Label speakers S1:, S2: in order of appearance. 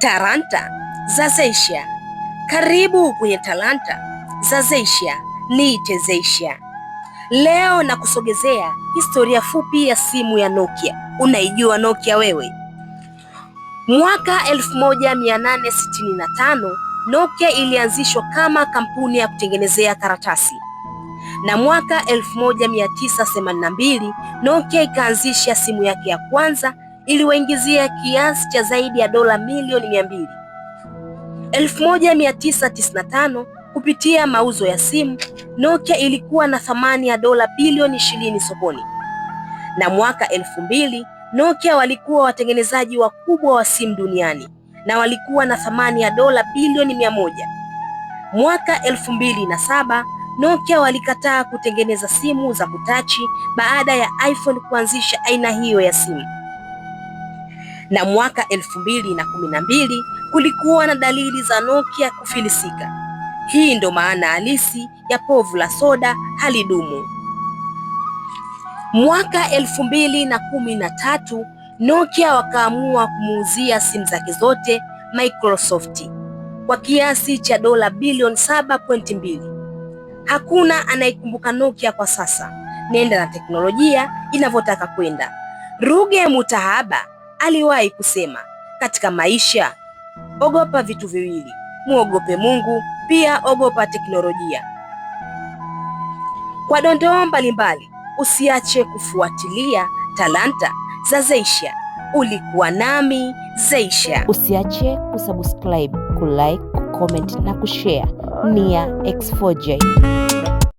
S1: Talanta za Zeysha. Karibu kwenye Talanta za Zeysha, niite Zeysha. Leo na kusogezea historia fupi ya simu ya Nokia. Unaijua Nokia wewe? Mwaka 1865 Nokia ilianzishwa kama kampuni ya kutengenezea karatasi na mwaka 1982 Nokia ikaanzisha simu yake ya kwanza iliwaingizia kiasi cha zaidi ya dola milioni mia mbili 1995 kupitia mauzo ya simu. Nokia ilikuwa na thamani ya dola bilioni 20 sokoni, na mwaka 2000 Nokia walikuwa watengenezaji wakubwa wa simu duniani na walikuwa na thamani ya dola bilioni 100. Mwaka 2007 Nokia walikataa kutengeneza simu za kutachi baada ya iPhone kuanzisha aina hiyo ya simu na mwaka elfu mbili na kumi na mbili kulikuwa na dalili za Nokia kufilisika. Hii ndo maana halisi ya povu la soda halidumu. Mwaka elfu mbili na kumi na tatu Nokia wakaamua kumuuzia simu zake zote Microsoft kwa kiasi cha dola bilioni 7.2. Hakuna anayekumbuka Nokia kwa sasa, nenda na teknolojia inavyotaka kwenda. Ruge Mutahaba aliwahi kusema katika maisha, ogopa vitu viwili, muogope Mungu, pia ogopa teknolojia. Kwa dondoo mbalimbali, usiache kufuatilia Talanta za Zeysha. Ulikuwa nami Zeysha. Usiache kusubscribe, kulike, kucomment na kushare. Nia X4J.